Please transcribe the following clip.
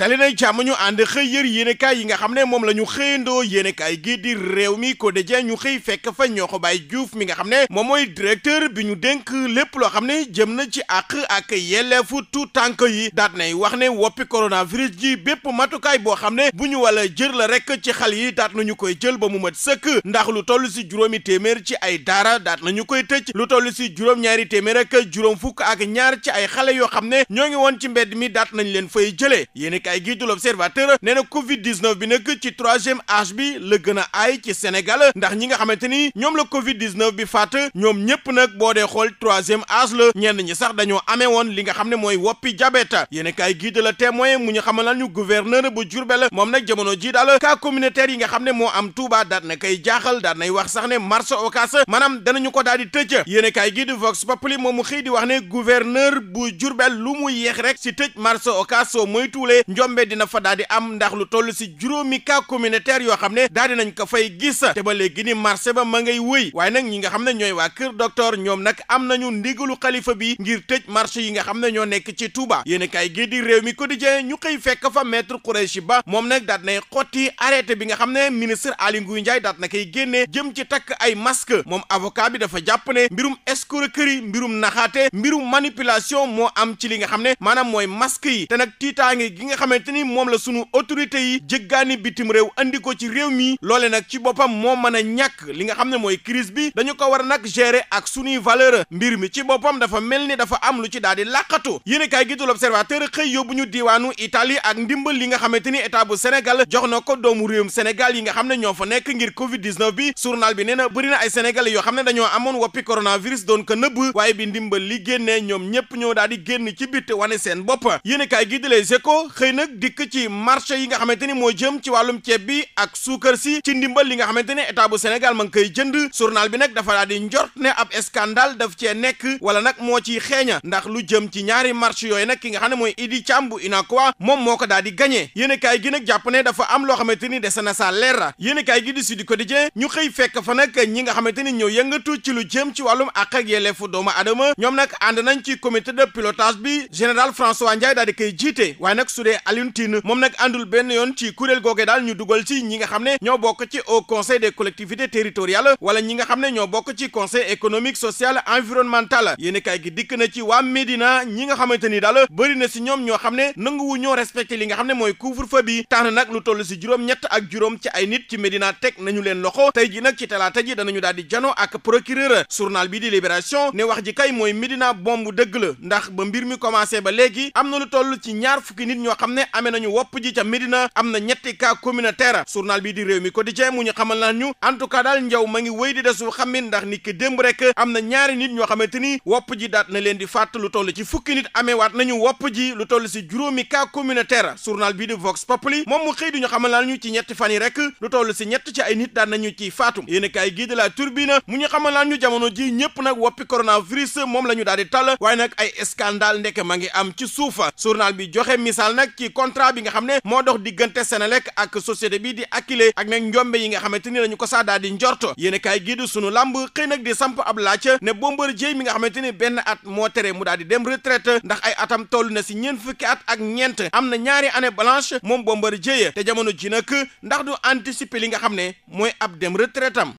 dali nay jàmm ñu ànd xëy yër yéenekaay yi nga xam ne moom la ñu xëyandoo yéenekaay gii di réew mi ko quotidien ñu xëy fekk fa ñoo ko bàyyi Diouf mi nga xam ne moom mooy directeur bi ñu dénk lépp loo xam ne jëm na ci àq ak yelleefu tout tànk yi daat nay wax ne woppi coronavirus ji bépp matukaay boo xam ne bu ñu wala jër la rek ci xal yi daat nañu koy jël ba mu mat sëkk ndax lu toll si juróomi ci ay daara daat nañu koy tëj lu toll si juróom-ñaari téeméer ak juróom fukk ak ñaar ci ay xale yoo xam ne ñoo ngi woon ci mbedd mi daat nañ leen fay jëlee kaay gii du l'observateur nee na Covid 19 bi nag ci troisième âge bi la gën a aay ci Sénégal ndax ñi nga xamante ni ñoom la Covid 19 bi faat ñoom ñëpp nag boo dee xool troisième âge la ñenn ñi sax dañoo amee woon li nga xam ne mooy woppi jabet yéen kaay gii de la témoin mu ñu xamal ñu gouverneur bu Diourbel moom nag jamono ji daal cas communautaire yi nga xam ne moo am Touba daat na koy jaaxal daat nay wax sax ne marché Ocass maanaam danañu ko daal di tëj yéen kaay gii di Vox Populi moom mu xëy di wax ne gouverneur bu Diourbel lu mu yéex rek si tëj marché Ocass soo njombe dina fa daal di am ndax lu toll si juróomi cas communautaire yoo xam ne daal di nañ ko fay gis te ba léegi ni marché ba ma ngay wëy waaye nag ñi nga xam ne ñooy waa kër docteur ñoom nag am nañu ndigalu xalifa bi ngir tëj marché yi nga xam ne ñoo nekk ci Touba yéen kay gi di réew mi quotidien ñu xëy fekk fa maître Khoureychi Ba moom nag daat nay xotti arrêté bi nga xam ne ministre Aly Ngouille Ndiaye daat na koy génnee jëm ci takk ay masque moom avocat bi dafa jàpp ne mbirum escroquerie mbirum naxaate mbirum manipulation moo am ci li nga xam ne maanaam mooy masque yi xamante ni moom la sunu autorité yi jéggaani bitim réew andi ci réew mi loole nag ci boppam moo mën a ñàkk li nga xam ne mooy crise bi dañu ko war nag gérer ak sunuy valeur mbir mi ci boppam dafa mel ni dafa am lu ci daal di làqatu yéen kaay gi du l'observateur xëy yóbbu ñu diiwaanu Italie ak ndimbal li nga xamante ni état bu Sénégal jox na ko doomu réewum Sénégal yi nga xam ne ñoo fa nekk ngir Covid 19 bi journal bi nee na bëri na ay sénégalais yoo xam ne dañoo amoon woppi coronavirus doon ko nëbb waaye bi ndimbal li génnee ñoom ñëpp ñoo daal di génn ci bitt wane seen bopp yéen kaay gi di Les xëy nag dikk ci marché yi nga xamante ni moo jëm ci wàllum ceeb bi ak suukar si ci ndimbal li nga xamante ne état bu Sénégal ma ngi koy jënd journal bi nag dafa daal di njort ne ab scandale daf cee nekk wala nag moo ciy xeeña ndax lu jëm ci ñaari marché yooyu nag ki nga xam ne mooy Idi Thiam bu UNACOIS moom moo ko daal di gagné yéen kaay gi nag jàpp ne dafa am loo xamante ni dese na saa leer la yéen kaay gi di Sud Quotidien ñu xëy fekk fa nag ñi nga xamante ni ñoo yëngatu ci lu jëm ci wàllum àq ak yelleefu doomu adama ñoom nag ànd nañ ci comité pilotage bi général François Ndiaye daal di koy jiite nag su Alioune moom nag àndul benn yoon ci kuréel googe daal ñu dugal ci ñi nga xam ne ñoo bokk ci au conseil des collectivités territoriales wala ñi nga xam ne ñoo bokk ci conseil économique social environnemental yéeni kaay gi dikk na ci waa Médina ñi nga xamante ni daal bëri na si ñoom ñoo xam ne nanguwu ñoo respecté li nga xam ne mooy couvre-feu bi tax na nag lu toll si juróom-ñett ak juróom ci ay nit ci Médina teg nañu leen loxo tey ji nag ci talaata ji danañu daal di jano ak procureur journal bi di Libération ne wax ji kay mooy Médina bomb dëgg la ndax ba mbir mi commencé ba léegi am na lu toll ci ñaar fukki nit ñoo xam ne amee nañu wopp ji ca Médina am na ñetti ka communautaire journal bi di réew mi quotidien mu ñu xamal naan ñu en tout cas daal njaw ma ngi wéy di desu xam ne ndax nit ki démb rek am na ñaari nit ñoo xamante ni wopp ji daat na leen di fàtt lu toll ci fukki nit waat nañu wopp ji lu toll si juróomi ka communautaire journal bi di Vox Populi moom mu xëy di ñu xamal naan ñu ci ñetti fan yi rek lu toll si ñett ci ay nit daat nañu ciy faatu yéen kaay gii de la mu ñu xamal naan ñu jamono ji ñëpp nag woppi coronavirus moom la ñu daal di tal waaye nag ay scandale ndekk ma ngi am ci suufa journal bi joxe misaal nag ci contrat bi nga xam ne moo dox diggante Senelec ak société bi di Akilee ak nag njombe yi nga xamante ni dañu ko saa daal di njort yéen kaay gii sunu làmb xëy nag di samp ab laaj ne Bombardier mi nga xamante ni benn at moo tere mu daal di dem retraite ndax ay atam toll na si ñeent fukki at ak ñeent am na ñaari année blanche moom Bombardier te jamono ji nag ndax du anticiper li nga xam ne mooy ab dem retraite am